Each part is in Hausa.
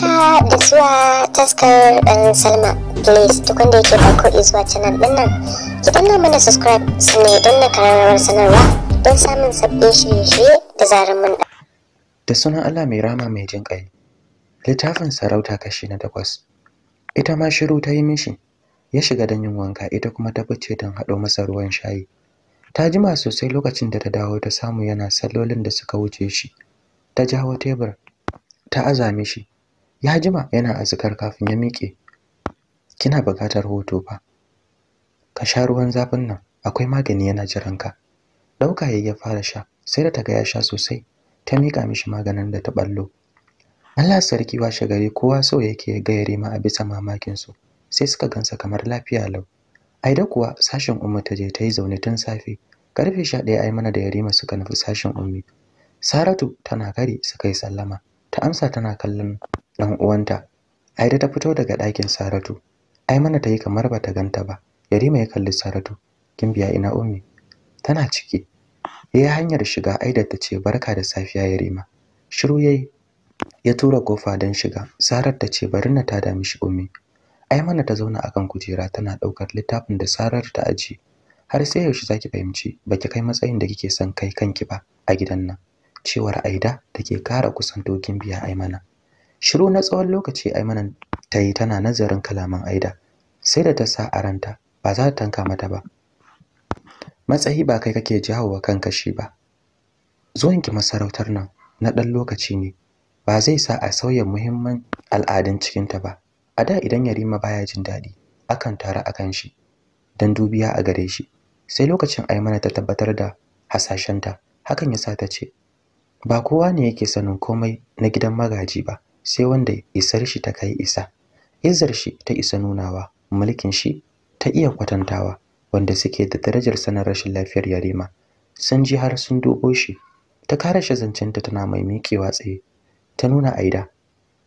haka ah, da zuwa taskar ɗan um, salma please duk wanda yake farko izuwa canal ɗin nan ki danna mana subscribe sannan don na kararrawar sanarwa don samun sabbin shirye-shirye da zarar mun da da sunan allah mai rama mai jin ƙai littafin sarauta kashi na takwas ita ma shiru ta yi mishi ya shiga don yin wanka ita kuma ta fice don haɗo masa ruwan shayi ta jima sosai lokacin da ta dawo ta samu yana sallolin da suka wuce shi ta jawo tebur ta azame shi ya jima yana azkar kafin ya miƙe kina buƙatar hoto fa ka sha ruwan zafin nan akwai magani yana jiranka. ka dauka yayi ya fara sha sai da taga ya sha sosai ta miƙa mishi maganin da ta ballo Allah sarki washe shagari kowa so yake yare ma a bisa mamakin su sai suka gansa kamar lafiya lau aida kuwa sashin ummu ta je ta yi zaune tun safe karfe 11 ai mana da yarima suka nufi sashin ummi saratu tana kare suka yi sallama ta amsa tana kallon Ɗan uwanta Aida ta fito daga ɗakin Saratu ai mana ta yi kamar bata ganta ba Yarima ya kalli Saratu Kin biya ina ummi tana ciki yayi hanyar shiga Aida ta ce barka da safiya Yarima shiru yayi ya tura kofa don shiga Sarar ta ce bari na tada mishi ummi ai mana ta zauna akan kujera tana ɗaukar littafin da Sarar ta aji har sai yaushe zaki fahimci baki kai matsayin da kike son kai kanki ba a gidan nan cewar Aida take kara biya ai Aimana shiru na tsawon lokaci aimanan ta yi tana nazarin kalaman aida sai da ta sa a ranta ba za ta tanka mata ba matsayi ba kai kake wa kanka shi ba zuwanki masarautar nan na ɗan lokaci ne ba zai sa a sauya muhimman al'adun cikinta ba a da idan yarima baya jin daɗi akan taru akan shi don dubiya a gare shi sai lokacin aimana ta tabbatar da hasashenta hakan ya sa ta ce ba kowa ne yake sanin komai na gidan magaji ba sai wanda isar shi ta kai isa izar shi ta isa nunawa mulkin shi ta iya kwatantawa wanda suke da darajar sanar rashin lafiyar yarima sun ji har sun dubo shi ta kare shi zancenta tana mai miƙewa tsaye ta nuna aida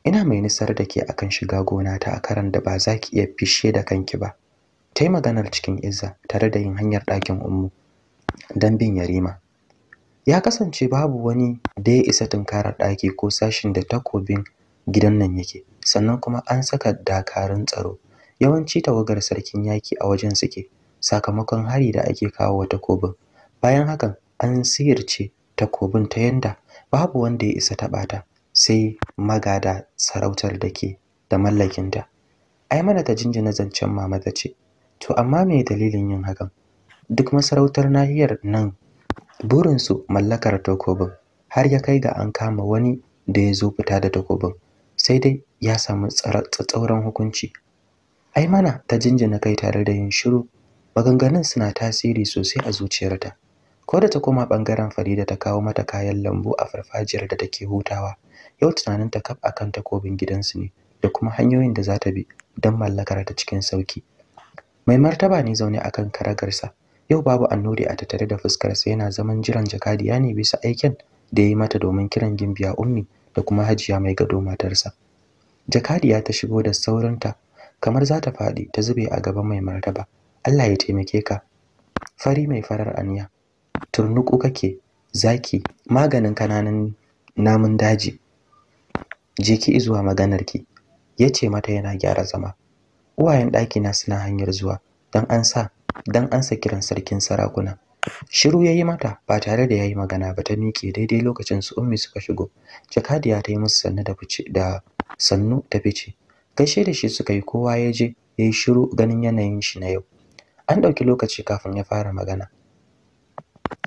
ina mai nisar da ke akan shiga gona ta a karan da ba za ki iya fishe da kanki ba ta yi maganar cikin izza tare da yin hanyar ɗakin ummu don bin yarima ya kasance babu wani da ya isa tunkarar ɗaki ko sashin da takobin gidan nan yake sannan kuma an saka dakarun tsaro yawanci tawagar sarkin yaki a wajen suke sakamakon hari da ake kawo wa takobin bayan hakan an siyarce takobin ta yanda babu wanda ya isa taɓa ta sai magada sarautar da ke da mallakinta ai mana ta jinjina zancen mama ta ce to amma me dalilin yin hakan duk masarautar nahiyar nan burinsu mallakar takobin har ya kai ga an kama wani da ya zo fita da takobin sai dai ya samu tsatsauran hukunci ai mana ta jinjina kai tare da yin shiru maganganun suna tasiri sosai a zuciyarta ko da ta koma bangaren Farida ta kawo mata kayan lambu a farfajiyar da take hutawa yau tunanin ta kaf akan takobin gidansu ne da kuma hanyoyin da za ta bi don mallakar ta cikin sauki mai martaba ne zaune akan karagarsa yau babu annuri a tattare da fuskarsa yana zaman jiran jakadiya ne bisa aiken da ya yi mata domin kiran gimbiya ummi da kuma Hajiya mai gado matarsa. Jakadiya ta shigo da saurinta kamar za ta faɗi ta zube a gaban mai martaba. Allah ya taimake ka. Fari mai farar aniya. Turnuku kake zaki maganin kananan namun daji. Je ki zuwa maganarki. ce mata yana gyara zama. Uwayen ɗakina suna hanyar zuwa dan an sa dan an sa kiran sarkin sarakuna. shiru ya yi mata ba tare da ya yi magana ba ta miƙe daidai lokacin su ummi suka shigo jakadiya ta yi musu sannu da fice da sannu ta fice gaishe da shi suka yi kowa ya je ya yi shiru ganin yanayin shi na yau an ɗauki lokaci kafin ya fara magana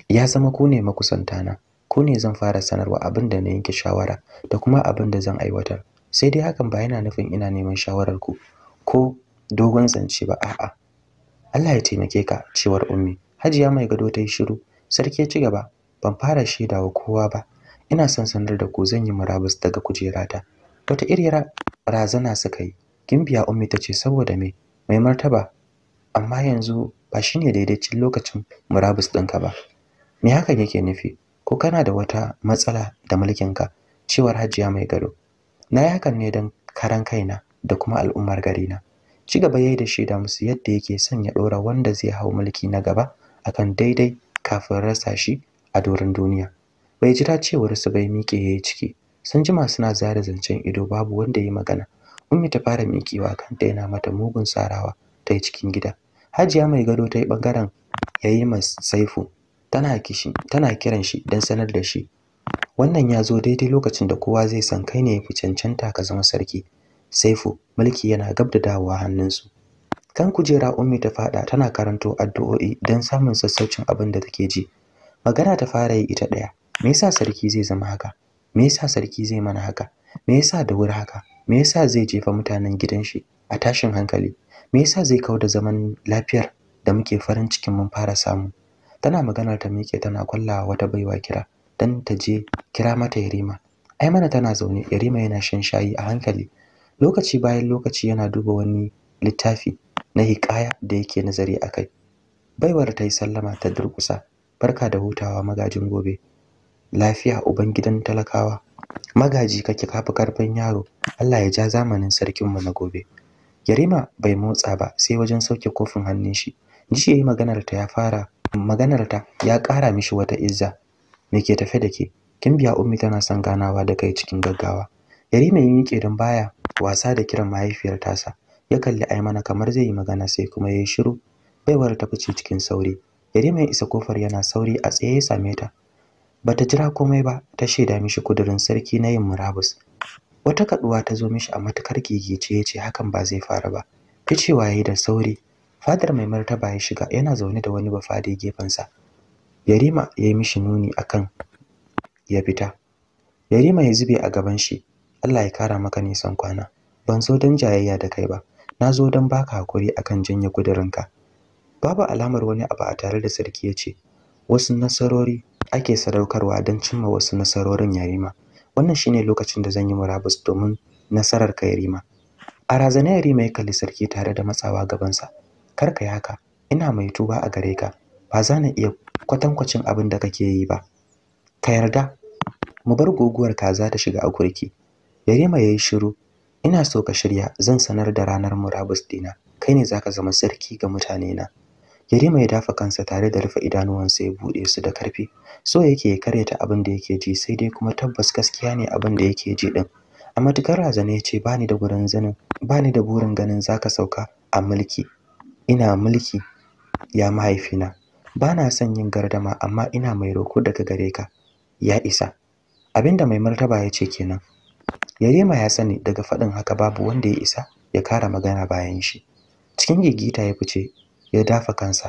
ya zama ku ne makusantana ku ne zan fara sanarwa abin da na yanke shawara da kuma abin da zan aiwatar sai dai hakan ba yana nufin ina neman shawarar ku ko dogon zance ba a'a Allah ya taimake ka cewar ummi Hajiya mai gado ta yi shiru. Sarki ya ci gaba. Ban fara shaida wa kowa ba. Ina son sanar da ku zan yi murabus daga kujerata. Wata iriyar razana suka yi. Gimbiya Ummi ta ce saboda me? Mai martaba. Amma yanzu ba shi shine daidaicin lokacin murabus ɗinka ba. Me hakan yake nufi? Ko kana da wata matsala da mulkinka? Cewar Hajiya mai gado. Na yi hakan ne don karan kaina da kuma al'ummar garina. Ci gaba ya yi da shaida musu yadda yake son ya ɗora wanda zai hau mulki na gaba akan daidai kafin rasa shi a doron duniya bai jira cewar su bai miƙe ya yi ciki sun jima suna zare zancen ido babu wanda ya yi magana ummi ta fara miƙewa kanta yana mata mugun sarawa ta yi cikin gida hajiya mai gado ta yi bangaren yi ma saifu tana kishi kiran shi don sanar da shi wannan ya zo daidai lokacin da kowa zai san kai ne ya fi cancanta ka zama sarki saifu mulki yana gab da dawowa hannunsu kan kujera ummi ta fada tana karanto addu'o'i don samun sassaucin abin da take ji magana ta fara yi ita daya me yasa sarki zai zama haka me yasa sarki zai mana haka me yasa da wuri haka me yasa zai jefa mutanen gidan shi a tashin hankali me yasa zai kawo da zaman lafiyar da muke farin cikin mun fara samu tana maganar ta mike tana kwallawa wata baiwa kira dan ta je kira mata Yarima ai mana tana zaune Yarima yana shan shayi a hankali lokaci bayan lokaci yana duba wani littafi na hikaya da yake nazari a kai baiwar ta yi sallama ta durƙusa barka da hutawa magajin gobe lafiya uban gidan talakawa magaji kake kafi karfin yaro Allah ya ja zamanin sarkin mu na gobe Yarima bai motsa ba sai wajen sauke kofin hannun shi ji yayi maganar ta ya fara maganar ta ya ƙara mishi wata izza me ke tafe da ke kin biya ummi tana san ganawa da kai cikin gaggawa Yarima ya yake don baya wasa da kiran mahaifiyar tasa ya kalli Aimana kamar zai yi magana sai kuma yayi shiru baiwar ta fice cikin sauri Yarima ya isa kofar yana sauri a tsaye ya same ta bata jira komai ba ta sheda mishi kudirin sarki na yin murabus wata kaduwa ta zo mishi a matakar gigice yace hakan ba zai fara ba kice waye da sauri fadar mai martaba ya shiga yana zaune da wani bafade gefensa Yarima yayi mishi nuni akan ya fita Yarima ya zube a gaban shi Allah ya kara maka nisan kwana ban so don jayayya da kai ba na zo don baka hakuri akan janye kudurinka babu alamar wani abu a tare da sarki ya ce wasu nasarori ake sadaukarwa don cimma wasu nasarorin yarima wannan shine lokacin da zan yi murabus domin nasarar ka yarima a razana yarima ya kalli sarki tare da matsawa gabansa kar ka yi haka ina mai tuba a gare ka ba za na iya kwatankwacin abin da kake yi ba ka yarda mu bar guguwar kaza ta shiga a kurki yarima ya yi shiru ina so ka shirya zan sanar da ranar murabus dina kai ne zaka zama sarki ga mutane na Yarima ya dafa kansa tare da rufe idanuwan sai bude su da karfi so yake ya karyata abin da yake ji sai dai kuma tabbas gaskiya ne abin da yake ji din a matukar razana ya ce bani da gurin zanin bani da burin ganin zaka sauka a mulki ina mulki ya mahaifina bana son yin gardama amma ina mai roko daga gare ka ya isa abinda mai martaba ya ce kenan yarima ya sani daga faɗin haka babu wanda ya isa ya kara magana bayan shi cikin gigita ya fice ya dafa kansa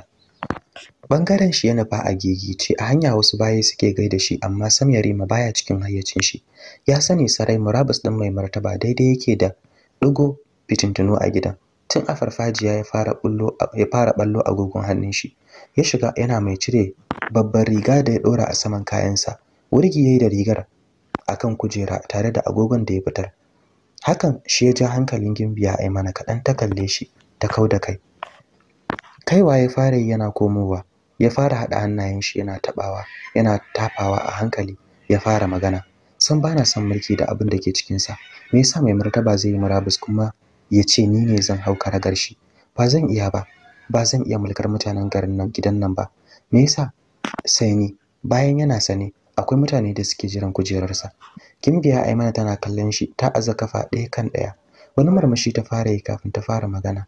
bangaren shi yana ba a gigice a hanya wasu baye suke gaida shi amma sam yarima baya cikin hayyacin shi ya sani sarai murabus din mai martaba daidai yake da digo fitintuno a gidan tun a farfajiya ya fara bullo ya fara ballo agogon hannun shi ya shiga yana mai cire babbar riga da ya dora a saman kayansa wurgi yayi da rigar akan kujera tare da agogon da ya fitar hakan shi ya ja hankalin gimbiya ai mana kaɗan ta kalle shi ta kau da kai kaiwa ya fara yana komowa ya fara haɗa hannayen shi yana tabawa yana tafawa a hankali ya fara magana san bana son mulki da abin da ke cikin sa me yasa mai martaba zai yi murabus kuma ya ce ni ne zan hau karagar shi ba zan iya ba ba zan iya mulkar mutanen garin nan gidan nan ba me yasa sai ni bayan yana sane akwai mutane da suke jiran kujerarsa gimbiya aimana tana kallon shi ta aza kafa ɗaya kan ɗaya wani marmashi ta fara yi kafin ta fara magana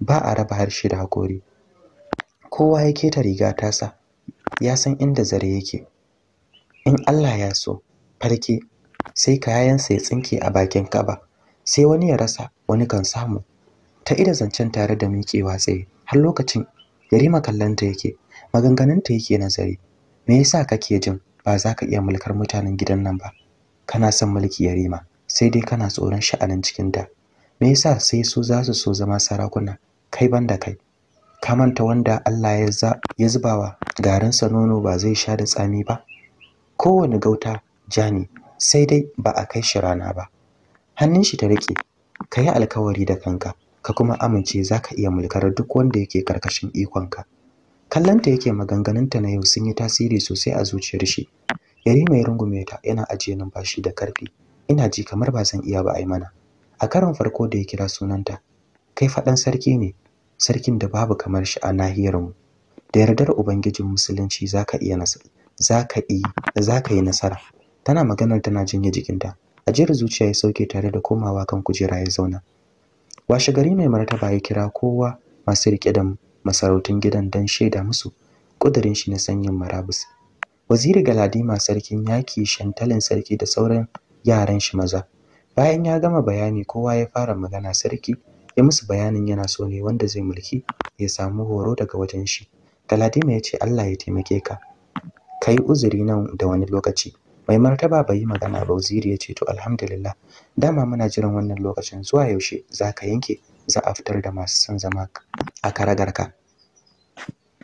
ba a raba harshe da hakori kowa ya keta riga tasa ya san inda zare yake in Allah ya so farke sai kayansa ya tsinke a bakin kaba sai wani ya rasa wani kan samu ta ida zancen tare da miƙewa tsaye har lokacin yarima kallonta yake maganganunta yake nazari me yasa kake jin ba za ka iya mulkar mutanen gidan nan ba kana son mulki ya rima sai dai kana tsoron sha'anin cikin da me yasa sai su za su so zama sarakuna kai banda kai ka manta wanda Allah ya zubawa garinsa nono ba zai sha da tsami ba kowane gauta jani sai dai ba a kai shi rana ba hannun shi ta rike ka yi alkawari da kanka ka kuma amince za ka iya mulkar duk wanda yake karkashin ikonka kallanta yake maganganunta na yau sun yi tasiri sosai a zuciyar shi yare mai rungume ta yana ajiye numfashi da karfi ina ji kamar ba zan iya ba ai mana a karon farko da ya kira sunanta kai faɗan sarki ne sarkin da babu kamar shi a nahiyar mu. da yardar ubangijin musulunci zaka iya nasara zaka yi zaka yi nasara tana maganar tana jinye jikinta ajiyar zuciya ya sauke tare da komawa kan kujera ya zauna washe gari mai martaba ya kira kowa masu rike da masarautun gidan don shaida musu ƙudurin shi na sanyin marabus waziri galadima sarkin yaki shantalin sarki da sauran yaran shi maza bayan ya gama bayani kowa ya fara magana sarki ya musu bayanin yana so ne wanda zai mulki ya samu horo daga wajen shi galadima ya ce allah ya taimake ka ka yi uzuri nan da wani lokaci mai martaba bai yi magana ba waziri ya ce to alhamdulillah dama muna jiran wannan lokacin zuwa yaushe za ka yanke za a fitar da masu son zama a karagar karagarka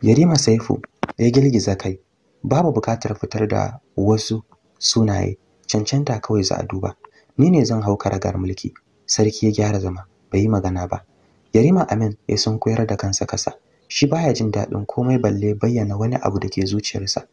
yarima saifu ya girgiza kai babu bukatar fitar da wasu sunaye cancanta kawai za a duba ni ne zan hau karagar mulki sarki ya gyara zama bai yi magana ba yarima amin ya sun koyar da kansa kasa shi baya jin daɗin komai balle bayyana wani abu da ke zuciyarsa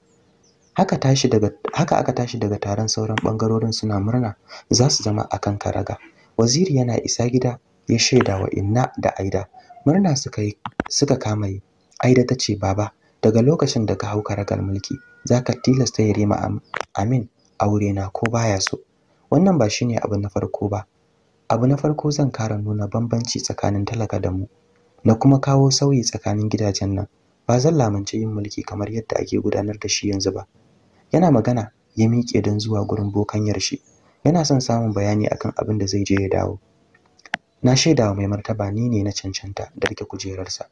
haka tashi daga haka aka tashi daga taron sauran ɓangarorin suna murna za su zama akan karaga waziri yana isa gida ya shaida wa inna da aida murna suka yi suka kama yi aida ta ce baba daga lokacin da ka hau karagar mulki zaka tilasta ya rima amin aure na ko baya so wannan ba shine abu na farko ba abu na farko zan kara nuna bambanci tsakanin talaka da mu na kuma kawo sauyi tsakanin gidajen nan ba zan lamunce yin mulki kamar yadda ake gudanar da shi yanzu ba yana magana ya miƙe don zuwa gurin bokan shi yana son samun bayani akan abin da zai je ya dawo na shaida mai martaba ni ne na cancanta da rike kujerarsa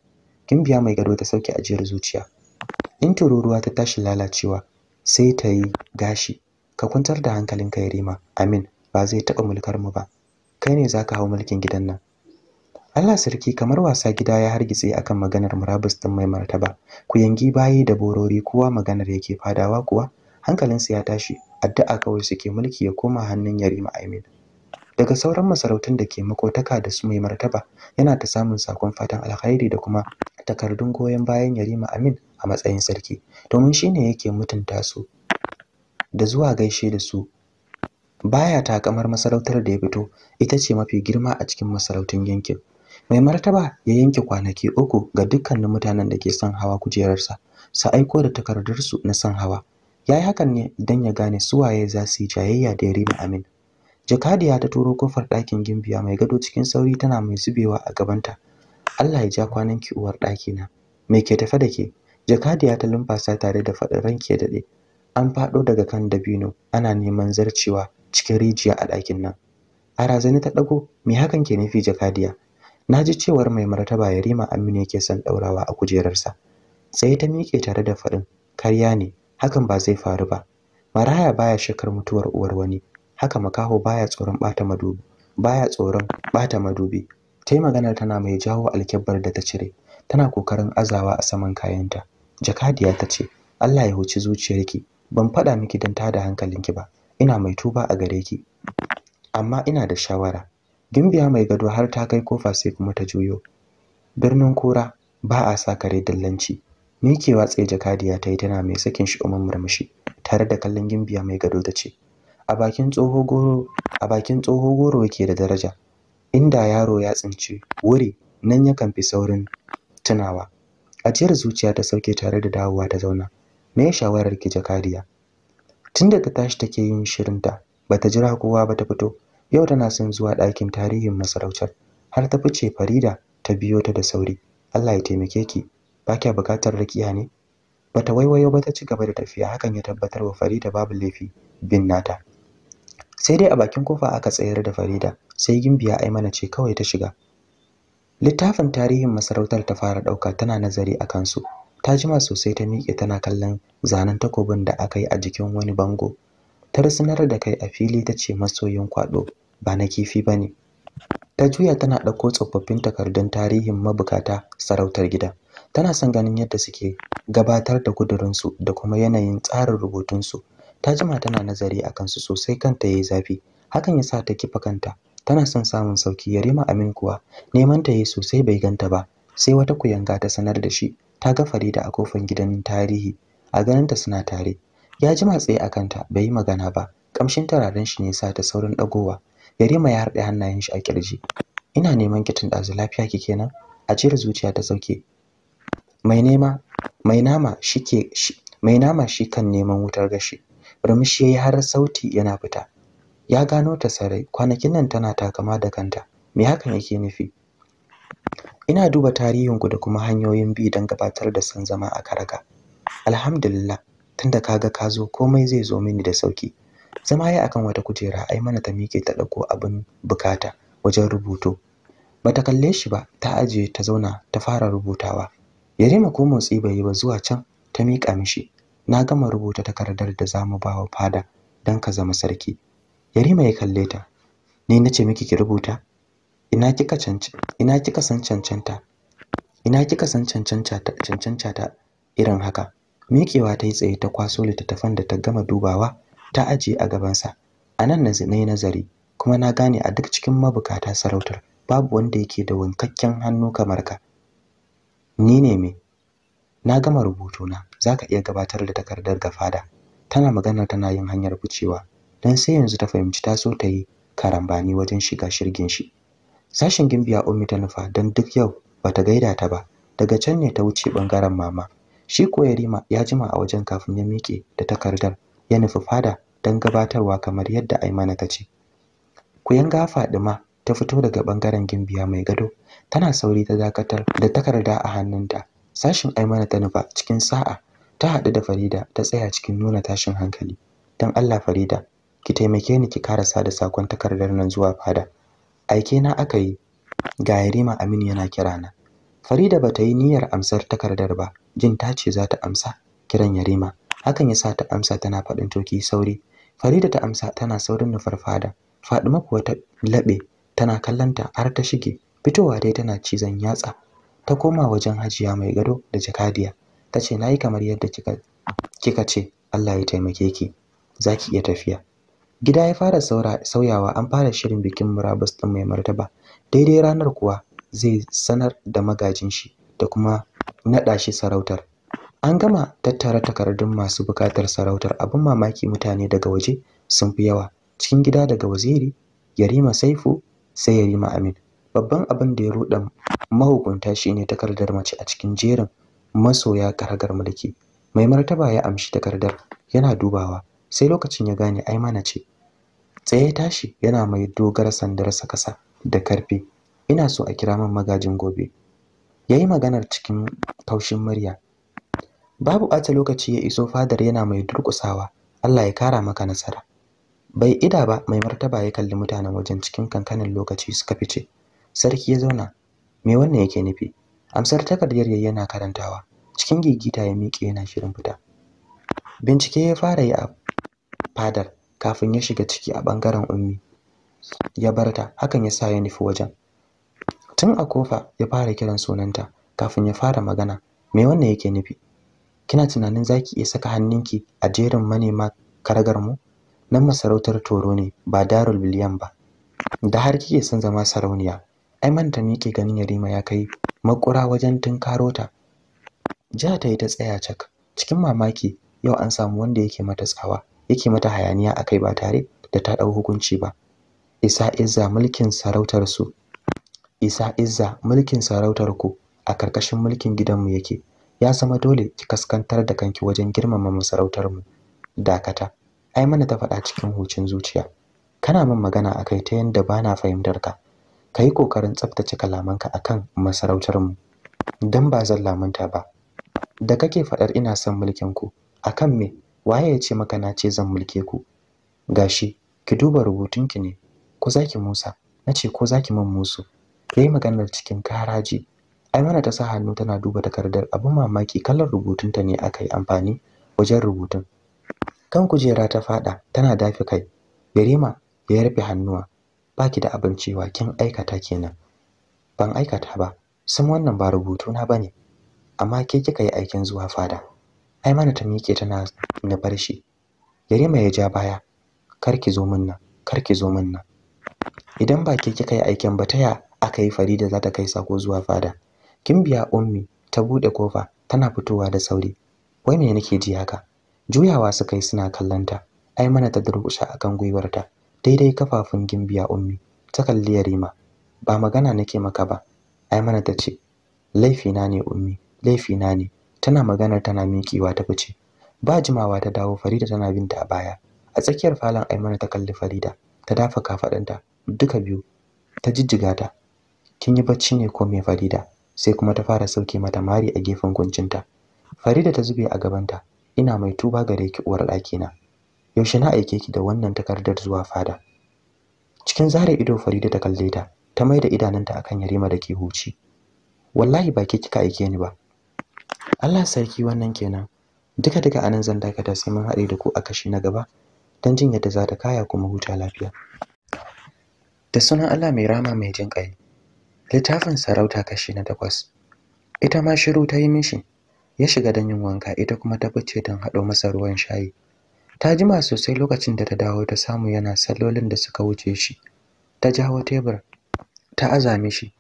gimbiya mai gado ta sauke ajiyar zuciya in tururuwa ta tashi lalacewa sai ta yi gashi ka kwantar da hankalin ka yarima amin ba zai taɓa mulkar mu ba kai ne zaka hau mulkin gidan nan Allah sarki kamar wasa gida ya hargitse akan maganar murabus din mai martaba ku yangi bayi da borori kowa maganar yake fadawa kuwa hankalinsa ya tashi addu'a kawai suke mulki ya koma hannun yarima amin daga sauran masarautun da ke makotaka da su mai martaba yana ta samun sakon fatan alkhairi da kuma takardun goyon bayan Yarima Amin a matsayin sarki domin shine yake mutunta su da zuwa gaishe da su baya takamar masarautar da ya fito ita ce mafi girma a cikin masarautun yankin mai martaba ya yanke kwanaki uku ga dukkanin mutanen da ke son hawa kujerarsa su aiko da takardarsu na son hawa ya yi hakan ne don ya gane su waye za su yi jayayya da yarima amin jakadiya ta turo kofar ɗakin gimbiya mai gado cikin sauri tana mai zubewa a gabanta Allah ya ja kwanan ki uwar ɗakina me ke tafe da ke jakadiya ta lumfasa tare da faɗin ranki ya daɗe an faɗo daga kan dabino ana neman zarcewa cikin rijiya a ɗakin nan a razani ta ɗago me hakan ke nufi jakadiya na ji cewar mai martaba yarima aminu yake son ɗaurawa a kujerarsa sai ta miƙe tare da faɗin karya ne hakan ba zai faru ba maraya baya shakar mutuwar uwar wani haka makaho baya tsoron bata madubi baya tsoron bata madubi tai magana tana mai jawo alkebbar da ta cire tana kokarin azawa a saman kayanta jakadiya ta ce Allah ya huci zuciyarki ban faɗa miki dan tada hankalinki ba ina mai tuba a gare ki amma ina da shawara gimbiya mai gado har ta kai kofa sai kuma ta juyo birnin kura ba a sa kare dallanci mikewa tsaye jakadiya ta yi tana mai sakin shi umar murmushi tare da kallon gimbiya mai gado ta ce a bakin tsoho goro a bakin tsoho goro yake da daraja inda yaro ya tsinci wuri nan yakan fi saurin tunawa ajiyar zuciya ta sauke tare da dawowa ta zauna me shawarar ki jakadiya tunda ta tashi take yin shirinta bata jira kowa ba ta fito yau tana son zuwa ɗakin tarihin masarautar har ta fice farida ta biyo ta da sauri Allah ya taimake ki ba kya bukatar rakiya ne bata waiwayo ba ta ci gaba da tafiya hakan ya tabbatar wa Farida babu laifi bin nata sai dai a bakin kofa aka tsayar da Farida sai gimbiya mana ce kawai ta shiga littafin tarihin masarautar ta fara dauka tana nazari a kansu ta jima sosai ta miƙe tana kallon zanen takobin da aka yi a jikin wani bango ta rusunar da kai a fili ta ce masoyin kwado ba na kifi ba ne ta juya tana ɗauko tsofaffin takardun tarihin mabukata sarautar gida tana son ganin yadda suke gabatar da kudurinsu da kuma yanayin tsarin rubutunsu ta jima tana nazari a kansu sosai kanta yayi zafi hakan yasa ta kifa kanta tana son samun sauki Yarima Amin kuwa neman ta yayi sosai bai ganta ba sai wata kuyanga ta sanar da shi ta ga Farida a kofar gidan tarihi a ganinta suna tare ya jima tsaye a kanta bai yi magana ba kamshin tararen shi ne sa ta saurin dagowa Yarima ya harɗe hannayen shi a kirji ina neman kitin ɗazu lafiya ki kenan a cire zuciya ta sauke mai nema mai nama shike mai nama shi kan neman wutar gashi Murmushi yayi har sauti yana fita. Ya gano ta sarai, kwanakin nan tana takama da kanta. Me hakan yake nufi? Ina duba tarihin ku da kuma hanyoyin bi don gabatar da san zama a karaka. Alhamdulillah, tunda kaga ka zo komai zai zo mini da sauki. Zama ya akan wata kujera ai mana ta mike ta dauko abin bukata wajen rubutu. Bata kalle shi ba, ta ajiye ta zauna ta fara rubutawa. Yarima ko motsi bai yi ba zuwa can ta mika mishi. na gama rubuta takardar da zamu ba wa fada dan ka zama sarki yarima ya kalle ta ni nace miki ki rubuta ina kika san cancanta ina kika san cancanta ta irin haka mikewa ta yi tsaye ta kwaso littattafan da ta gama dubawa ta ajiye a gabansa a nan na yi nazari kuma na gane a duk cikin mabukata sarautar babu wanda yake da wankakken hannu kamar ka ni ne me na gama rubutuna za ka iya gabatar da takardar ga fada tana magana tana yin hanyar ficewa don sai yanzu ta fahimci ta so ta yi karambani wajen shiga shirgin shi Sashen gimbiya ummi ta nufa don duk yau bata gaida ta ba daga can ne ta wuce bangaren mama shi ko yarima ya jima a wajen kafin ya miƙe da takardar ya nufi fada don gabatarwa kamar yadda aimana ta ce ku yanga fadima ta fito daga bangaren gimbiya mai gado tana sauri ta dakatar da takarda a hannunta sashin mana ta nufa cikin sa'a ta haɗu da Farida ta tsaya cikin nuna tashin hankali dan Allah Farida ki taimake ni ki karasa da sakon takardar nan zuwa fada aike na aka yi ga Yarima Aminu yana kirana. na Farida bata yi niyyar amsar takardar ba jin ta ce za ta amsa kiran Yarima hakan yasa ta amsa tana faɗin toki sauri Farida ta amsa tana saurin nufar fada Fadima kuwa ta laɓe tana kallanta har ta shige fitowa dai tana cizon yatsa ta koma wajen hajiya mai gado da jakadiya ta ce na yi kamar yadda kika ce allah ya taimake ki za ki iya tafiya gida ya fara sauyawa an fara shirin bikin murabus ɗin mai martaba daidai ranar kuwa zai sanar da magajin shi da kuma naɗa shi sarautar an gama tattara takardun masu bukatar sarautar abin mamaki mutane daga waje sun fi yawa cikin gida daga waziri yarima saifu sai yarima amin babban abin da ya ruɗa mahukunta shine takardar mace a cikin jerin masoya karagar mulki mai martaba ya amshi takardar yana dubawa sai lokacin ya gane ai mana ce tsaye tashi yana mai dogara sandar sa kasa da karfi ina so a kira min magajin gobe yayi maganar cikin taushin murya babu ɓata lokaci ya iso fadar yana mai durƙusawa Allah ya kara maka nasara bai ida ba mai martaba ya kalli mutanen wajen cikin kankanin lokaci suka fice sarki ya zauna me wannan yake nufi amsar takardar yayi yana karantawa cikin gigita ya miƙe yana shirin fita bincike ya fara yi a fadar kafin ya shiga ciki a bangaren ummi ya barta hakan ya sa ya nufi wajen tun a kofa ya fara kiran sunanta kafin ya fara magana me wannan yake nufi kina tunanin zaki iya saka hannunki a jerin manema karagar mu nan masarautar toro ne ba darul biliyan ba da har kike son zama sarauniya mana ta miƙe ganin Yarima ya kai makura wajen tunkaro ta. Ja ta yi ta tsaya cak. Cikin mamaki yau an samu wanda yake mata tsawa, yake mata hayaniya a kai ba tare da ta ɗau hukunci ba. Isa Izza mulkin sarautar su. Isa Izza mulkin sarautar ku a karkashin mulkin gidanmu yake. Ya zama dole ki kaskantar da kanki wajen girmama masarautar mu. Dakata. Ai mana ta faɗa cikin hucin zuciya. Kana min magana akai ta yadda bana fahimtar ka. ka kokarin ƙoƙarin tsaftace kalamanka akan masarautarmu Dan ba zan lamunta ba da kake faɗar ina son mulkin ku akan me waye ya ce maka na ce zan mulke ku gashi ki duba rubutunki ne ko zaki musa na ce ko zaki man musu kai maganar cikin karaji Ai mana ta sa hannu tana duba takardar abin mamaki kallon rubutunta ne aka yi amfani wajen rubutun kan kujera ta fada tana dafi kai Yarima ya rufe hannuwa Ba ki da abin cewa kin aikata kenan ban aikata ba sun wannan ba rubutu na bane amma ke kika yi aikin zuwa fada ai mana ta miƙe tana na bar shi mai ya ja baya kar ki zo min nan kar ki zo min nan idan ba ke kika yi aikin ba taya aka yi Farida za ta kai sako zuwa fada kin biya ummi ta bude kofa tana fitowa da sauri wai me nake ji haka juyawa suka yi suna kallanta ai mana ta durƙusha akan gwiwarta daidai kafafun gimbiya ummi ta kalli yarima ba magana nake maka ba ai mana ta ce laifi na ne ummi laifi na ne tana magana tana mikiwa ta fice ba jimawa ta dawo farida tana binta a baya a tsakiyar falon aimana ta kalli farida ta dafa kafaɗanta duka biyu ta jijjiga ta kin yi bacci ne ko me farida sai kuma ta fara sauke mata mari a gefen kuncinta farida ta zube a gabanta ina mai tuba gare ki uwar ɗakina yaushe na aike ki da wannan takardar zuwa fada cikin zare ido Farida ta kalle ta ta maida idananta akan Yarima da ke huci wallahi ba ke kika aike ni ba Allah sarki wannan kenan duka duka anan zan dakata sai mun haɗe da ku a kashi na gaba dan jin yadda za ta kaya kuma huta lafiya da sunan Allah mai rama mai jin ƙai littafin sarauta kashi na takwas ita ma shiru ta yi mishi ya shiga dan yin wanka ita kuma ta fice don haɗo masa ruwan shayi ta jima sosai lokacin da ta dawo ta samu yana salolin da suka wuce shi ta jawo tebur ta azame shi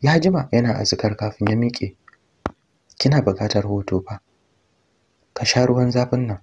ya jima yana azkar kafin ya miƙe kina buƙatar hoto fa ka sha ruwan zafin nan